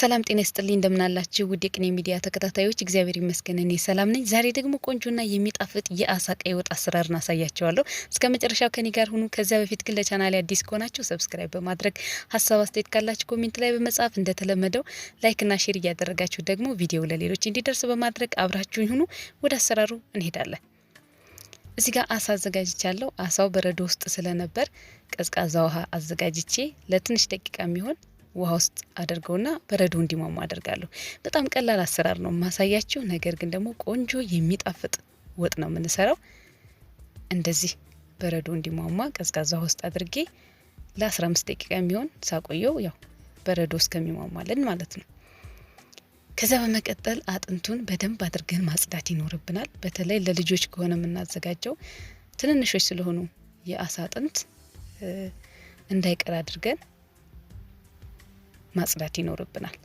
ሰላም ጤና ይስጥልኝ እንደምናላችሁ ውድ የቅኔ ሚዲያ ተከታታዮች፣ እግዚአብሔር ይመስገን እኔ ሰላም ነኝ። ዛሬ ደግሞ ቆንጆና የሚጣፍጥ የአሳ ቀይ ወጥ አሰራርን አሳያቸዋለሁ እስከ መጨረሻው ከኔ ጋር ሁኑ። ከዚያ በፊት ግን ለቻናሌ አዲስ ከሆናችሁ ሰብስክራይብ በማድረግ ሀሳብ አስተያየት ካላችሁ ኮሜንት ላይ በመጻፍ እንደተለመደው ላይክና ሼር እያደረጋችሁ ደግሞ ቪዲዮ ለሌሎች እንዲደርስ በማድረግ አብራችሁኝ ሁኑ። ወደ አሰራሩ እንሄዳለን። እዚህ ጋር አሳ አዘጋጅቻለሁ። አሳው በረዶ ውስጥ ስለነበር ቀዝቃዛ ውሃ አዘጋጅቼ ለትንሽ ደቂቃ የሚሆን ውሃ ውስጥ አድርገውና በረዶ እንዲሟሙ አደርጋለሁ። በጣም ቀላል አሰራር ነው የማሳያችሁ። ነገር ግን ደግሞ ቆንጆ የሚጣፍጥ ወጥ ነው የምንሰራው። እንደዚህ በረዶ እንዲሟሟ ቀዝቃዛ ውስጥ አድርጌ ለ15 ደቂቃ የሚሆን ሳቆየው ያው በረዶ እስከሚሟሟልን ማለት ነው። ከዚያ በመቀጠል አጥንቱን በደንብ አድርገን ማጽዳት ይኖርብናል። በተለይ ለልጆች ከሆነ የምናዘጋጀው ትንንሾች ስለሆኑ የአሳ አጥንት እንዳይቀር አድርገን ማጽዳት ይኖርብናል።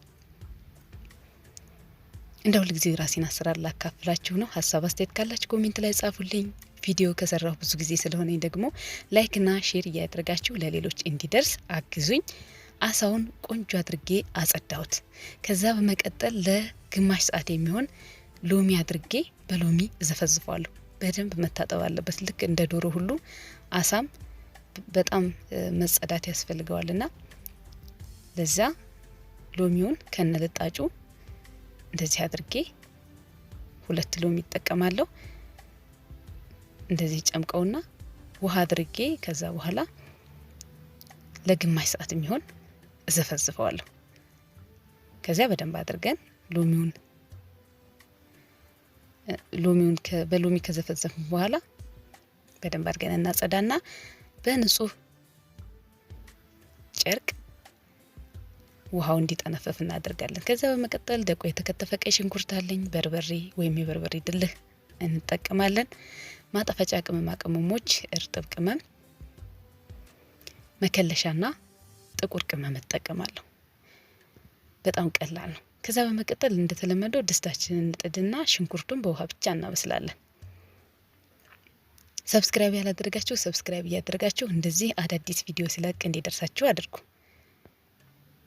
እንደ ሁልጊዜ ራሴን አሰራር ላካፍላችሁ ነው። ሀሳብ አስተያየት ካላችሁ ኮሜንት ላይ ጻፉልኝ። ቪዲዮ ከሰራሁ ብዙ ጊዜ ስለሆነኝ ደግሞ ላይክና ሼር እያደረጋችሁ ለሌሎች እንዲደርስ አግዙኝ። አሳውን ቆንጆ አድርጌ አጸዳሁት። ከዛ በመቀጠል ለግማሽ ሰዓት የሚሆን ሎሚ አድርጌ በሎሚ ዘፈዝፈዋለሁ። በደንብ መታጠብ አለበት። ልክ እንደ ዶሮ ሁሉ አሳም በጣም መጸዳት ያስፈልገዋልና ለዛ ሎሚውን ከነልጣጩ እንደዚህ አድርጌ ሁለት ሎሚ ይጠቀማለሁ። እንደዚህ ጨምቀውና ውሃ አድርጌ ከዛ በኋላ ለግማሽ ሰዓት የሚሆን እዘፈዝፈዋለሁ። ከዚያ በደንብ አድርገን ሎሚውን ሎሚውን በሎሚ ከዘፈዘፍ በኋላ በደንብ አድርገን እናጸዳና በንጹህ ጨርቅ ውሃው እንዲጠነፈፍ እናደርጋለን። ከዚያ በመቀጠል ደቆ የተከተፈ ቀይ ሽንኩርት አለኝ። በርበሬ ወይም የበርበሬ ድልህ እንጠቀማለን። ማጣፈጫ ቅመማ ቅመሞች፣ እርጥብ ቅመም፣ መከለሻና ጥቁር ቅመም እጠቀማለሁ። በጣም ቀላል ነው። ከዛ በመቀጠል እንደተለመደው ድስታችንን እንጥድና ሽንኩርቱን በውሃ ብቻ እናበስላለን። ሰብስክራይብ ያላደረጋችሁ ሰብስክራይብ እያደረጋችሁ እንደዚህ አዳዲስ ቪዲዮ ሲለቅ እንዲደርሳችሁ አድርጉ።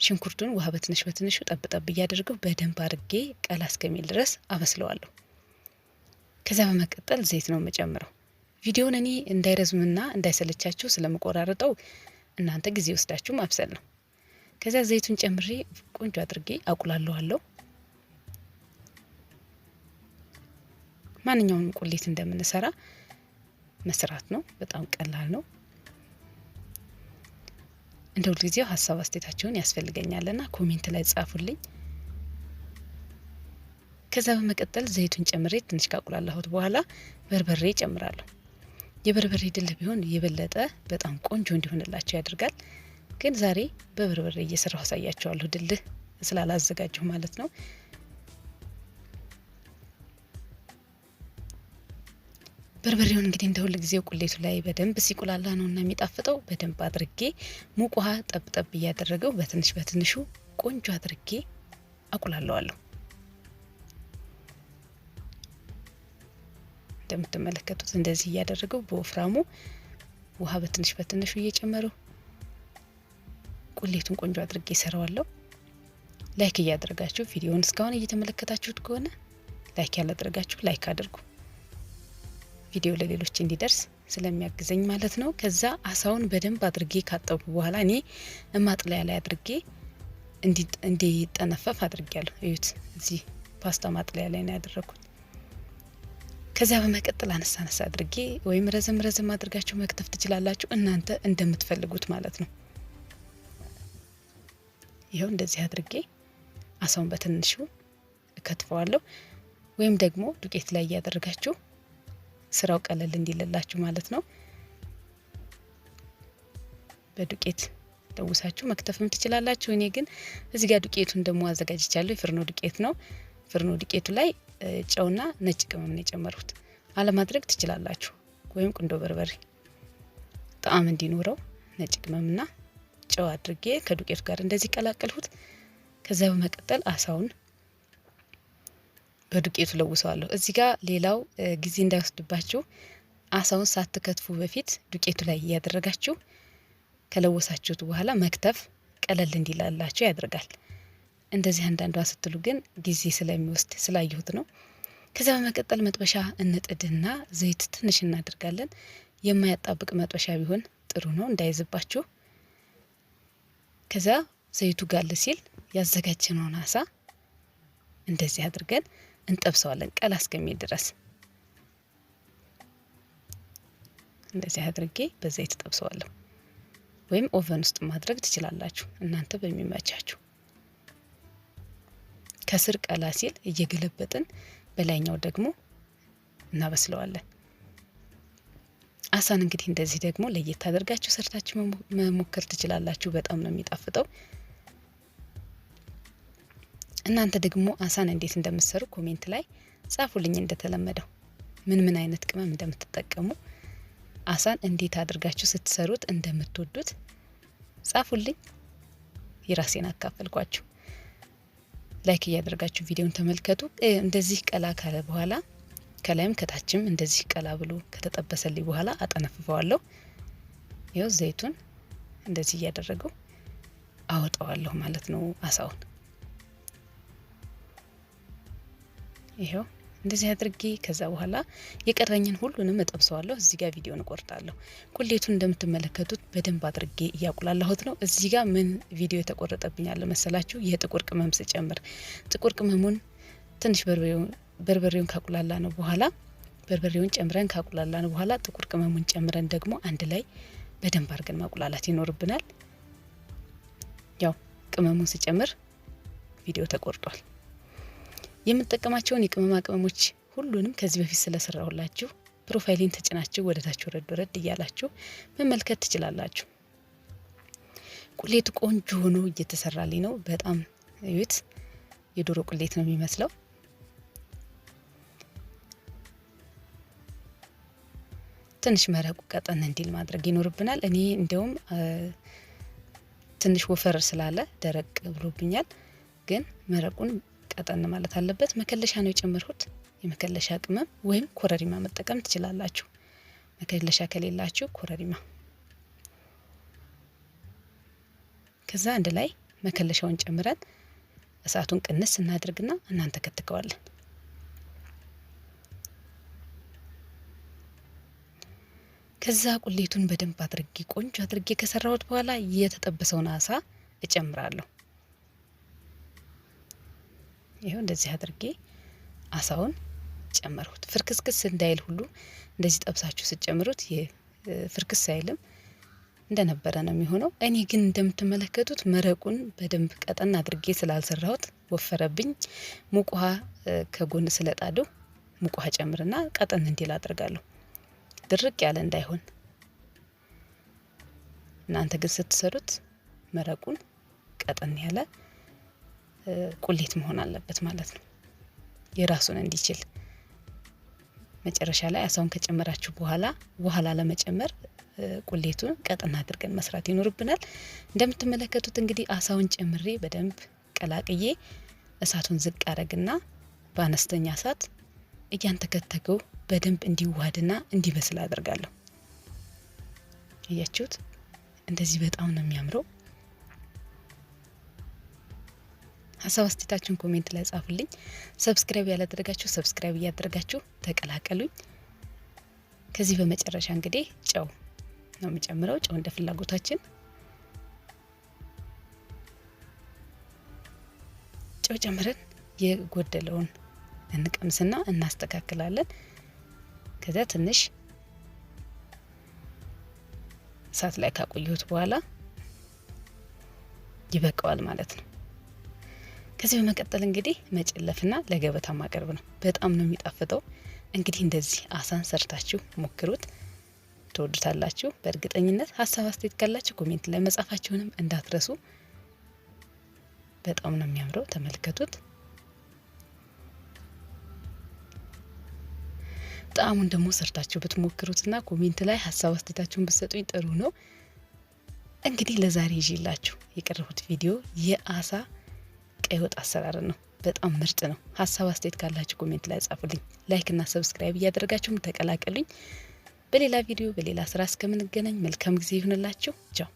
ሽንኩርቱን ውሃ በትንሽ በትንሹ ጠብ ጠብ እያደረገው በደንብ አድርጌ ቀላ እስከሚል ድረስ አበስለዋለሁ። ከዚያ በመቀጠል ዘይት ነው የምጨምረው። ቪዲዮውን እኔ እንዳይረዝምና እንዳይሰለቻችሁ ስለምቆራርጠው እናንተ ጊዜ ወስዳችሁ ማብሰል ነው። ከዚያ ዘይቱን ጨምሬ ቆንጆ አድርጌ አቁላለዋለሁ። ማንኛውንም ቁሌት እንደምንሰራ መስራት ነው። በጣም ቀላል ነው። እንደ ሁልጊዜው ሀሳብ አስተያየታችሁን ያስፈልገኛልና ኮሜንት ላይ ጻፉልኝ። ከዛ በመቀጠል ዘይቱን ጨምሬ ትንሽ ካቁላላሁት በኋላ በርበሬ ጨምራለሁ። የበርበሬ ድልህ ቢሆን የበለጠ በጣም ቆንጆ እንዲሆንላቸው ያደርጋል። ግን ዛሬ በበርበሬ እየሰራሁ አሳያቸዋለሁ። ድልህ ስላላዘጋጀሁ ማለት ነው። በርበሬውን እንግዲህ እንደ ሁል ጊዜው ቁሌቱ ላይ በደንብ ሲቁላላ ነው እና የሚጣፍጠው። በደንብ አድርጌ ሙቅ ውሃ ጠብጠብ እያደረገው በትንሽ በትንሹ ቆንጆ አድርጌ አቁላለዋለሁ። እንደምትመለከቱት እንደዚህ እያደረገው በወፍራሙ ውሃ በትንሽ በትንሹ እየጨመረው ቁሌቱን ቆንጆ አድርጌ ይሰራዋለሁ። ላይክ እያደረጋችሁ ቪዲዮውን እስካሁን እየተመለከታችሁት ከሆነ ላይክ ያላደረጋችሁ ላይክ አድርጉ። ቪዲዮ ለሌሎች እንዲደርስ ስለሚያግዘኝ ማለት ነው። ከዛ አሳውን በደንብ አድርጌ ካጠቡ በኋላ እኔ ማጥለያ ላይ አድርጌ እንዲጠነፈፍ አድርጊያለሁ። እዩት፣ እዚህ ፓስታ ማጥለያ ላይ ነው ያደረኩት። ከዚያ በመቀጠል አነሳ አነሳ አድርጌ ወይም ረዘም ረዘም አድርጋችሁ መክተፍ ትችላላችሁ፣ እናንተ እንደምትፈልጉት ማለት ነው። ይኸው እንደዚህ አድርጌ አሳውን በትንሹ እከትፈዋለሁ። ወይም ደግሞ ዱቄት ላይ እያደረጋችሁ ስራው ቀለል እንዲልላችሁ ማለት ነው። በዱቄት ለውሳችሁ መክተፍም ትችላላችሁ። እኔ ግን እዚህ ጋር ዱቄቱን ደግሞ አዘጋጅቻለሁ። የፍርኖ ዱቄት ነው። ፍርኖ ዱቄቱ ላይ ጨውና ነጭ ቅመም ነው የጨመርኩት። አለማድረግ ትችላላችሁ፣ ወይም ቁንዶ በርበሬ ጣዕም እንዲኖረው ነጭ ቅመምና ጨው አድርጌ ከዱቄቱ ጋር እንደዚህ ቀላቀልሁት። ከዚያ በመቀጠል አሳውን በዱቄቱ ለውሰዋለሁ። እዚህ ጋር ሌላው ጊዜ እንዳይወስድባችሁ አሳውን ሳትከትፉ በፊት ዱቄቱ ላይ እያደረጋችሁ ከለወሳችሁት በኋላ መክተፍ ቀለል እንዲላላችሁ ያደርጋል። እንደዚህ አንዳንዷ ስትሉ ግን ጊዜ ስለሚወስድ ስላየሁት ነው። ከዚያ በመቀጠል መጥበሻ እንጥድና ዘይት ትንሽ እናደርጋለን። የማያጣብቅ መጥበሻ ቢሆን ጥሩ ነው እንዳይዝባችሁ። ከዚያ ዘይቱ ጋል ሲል ያዘጋጀነውን አሳ እንደዚህ አድርገን እንጠብሰዋለን ቀላ እስከሚል ድረስ እንደዚህ አድርጌ በዘይት ጠብሰዋለሁ። ወይም ኦቨን ውስጥ ማድረግ ትችላላችሁ እናንተ በሚመቻችሁ። ከስር ቀላ ሲል እየገለበጥን በላይኛው ደግሞ እናበስለዋለን። አሳን እንግዲህ እንደዚህ ደግሞ ለየት አድርጋችሁ ሰርታችሁ መሞከር ትችላላችሁ። በጣም ነው የሚጣፍጠው። እናንተ ደግሞ አሳን እንዴት እንደምትሰሩ ኮሜንት ላይ ጻፉልኝ። እንደተለመደው ምን ምን አይነት ቅመም እንደምትጠቀሙ አሳን እንዴት አድርጋችሁ ስትሰሩት እንደምትወዱት ጻፉልኝ። የራሴን አካፈልኳችሁ። ላይክ እያደረጋችሁ ቪዲዮን ተመልከቱ። እንደዚህ ቀላ ካለ በኋላ ከላይም ከታችም እንደዚህ ቀላ ብሎ ከተጠበሰልኝ በኋላ አጠነፍፈዋለሁ። ይኸው ዘይቱን እንደዚህ እያደረገው አወጣዋለሁ ማለት ነው አሳውን ይሄው እንደዚህ አድርጌ ከዛ በኋላ የቀረኝን ሁሉንም እጠብሰዋለሁ። እዚህ ጋር ቪዲዮን እቆርጣለሁ። ቁሌቱን እንደምትመለከቱት በደንብ አድርጌ እያቁላላሁት ነው። እዚህ ጋር ምን ቪዲዮ የተቆረጠብኛል መሰላችሁ? የጥቁር ቅመም ስጨምር ጥቁር ቅመሙን ትንሽ በርበሬውን ካቁላላ ነው በኋላ በርበሬውን ጨምረን ካቁላላ ነው በኋላ ጥቁር ቅመሙን ጨምረን ደግሞ አንድ ላይ በደንብ አድርገን ማቁላላት ይኖርብናል። ያው ቅመሙን ስጨምር ቪዲዮ ተቆርጧል። የምጠቀማቸውን የቅመማ ቅመሞች ሁሉንም ከዚህ በፊት ስለሰራሁላችሁ ፕሮፋይሊን ተጭናችሁ ወደታች ወረድ ወረድ እያላችሁ መመልከት ትችላላችሁ። ቁሌቱ ቆንጆ ሆኖ እየተሰራልኝ ነው። በጣም እዩት። የዶሮ ቁሌት ነው የሚመስለው። ትንሽ መረቁ ቀጠን እንዲል ማድረግ ይኖርብናል። እኔ እንደውም ትንሽ ወፈር ስላለ ደረቅ ብሎብኛል፣ ግን መረቁን ቀጠን ማለት አለበት። መከለሻ ነው የጨመርሁት። የመከለሻ ቅመም ወይም ኮረሪማ መጠቀም ትችላላችሁ። መከለሻ ከሌላችሁ ኮረሪማ። ከዛ አንድ ላይ መከለሻውን ጨምረን እሳቱን ቅንስ እናድርግና እናንተ ከትከዋለን። ከዛ ቁሌቱን በደንብ አድርጌ ቆንጆ አድርጌ ከሰራሁት በኋላ የተጠበሰውን አሳ እጨምራለሁ። ይሄው እንደዚህ አድርጌ አሳውን ጨመርሁት። ፍርክስክስ እንዳይል ሁሉ እንደዚህ ጠብሳችሁ ስትጨምሩት ፍርክስ አይልም እንደነበረ ነው የሚሆነው። እኔ ግን እንደምትመለከቱት መረቁን በደንብ ቀጠን አድርጌ ስላልሰራሁት ወፈረብኝ። ሙቅ ውሃ ከጎን ስለጣዱ ሙቅ ውሃ ጨምርና ቀጠን እንዲል አድርጋለሁ። ድርቅ ያለ እንዳይሆን እናንተ ግን ስትሰሩት መረቁን ቀጠን ያለ ቁሌት መሆን አለበት ማለት ነው። የራሱን እንዲችል መጨረሻ ላይ አሳውን ከጨመራችሁ በኋላ በኋላ ለመጨመር ቁሌቱን ቀጥና አድርገን መስራት ይኖርብናል። እንደምትመለከቱት እንግዲህ አሳውን ጨምሬ በደንብ ቀላቅዬ እሳቱን ዝቅ አረግና በአነስተኛ እሳት እያንተከተገው በደንብ እንዲዋሃድና እንዲበስል አደርጋለሁ እያችሁት እንደዚህ በጣም ነው የሚያምረው። ሀሳብ አስተያየታችሁን ኮሜንት ላይ ጻፉልኝ። ሰብስክራይብ ያላደረጋችሁ ሰብስክራይብ እያደረጋችሁ ተቀላቀሉኝ። ከዚህ በመጨረሻ እንግዲህ ጨው ነው የምጨምረው። ጨው እንደ ፍላጎታችን ጨው ጨምረን የጎደለውን እንቀምስና እናስተካክላለን። ከዚያ ትንሽ እሳት ላይ ካቆየሁት በኋላ ይበቃዋል ማለት ነው። ከዚህ በመቀጠል እንግዲህ መጨለፍና ለገበታ ማቅረብ ነው። በጣም ነው የሚጣፍጠው። እንግዲህ እንደዚህ አሳን ሰርታችሁ ሞክሩት፣ ትወዱታላችሁ በእርግጠኝነት። ሀሳብ አስተያየት ካላችሁ ኮሜንት ላይ መጻፋችሁንም እንዳትረሱ። በጣም ነው የሚያምረው፣ ተመልከቱት። ጣዕሙን ደግሞ ሰርታችሁ ብትሞክሩትና ኮሜንት ላይ ሀሳብ አስተያየታችሁን ብትሰጡኝ ጥሩ ነው። እንግዲህ ለዛሬ ይዤላችሁ የቀረቡት ቪዲዮ የአሳ ቀይ ወጥ አሰራር ነው። በጣም ምርጥ ነው። ሀሳብ አስተያየት ካላችሁ ኮሜንት ላይ ጻፉልኝ። እና ሰብስክራይብ እያደረጋችሁም ተቀላቀሉኝ። በሌላ ቪዲዮ በሌላ ስራ እስከምንገናኝ መልካም ጊዜ ይሁንላችሁ። ቻው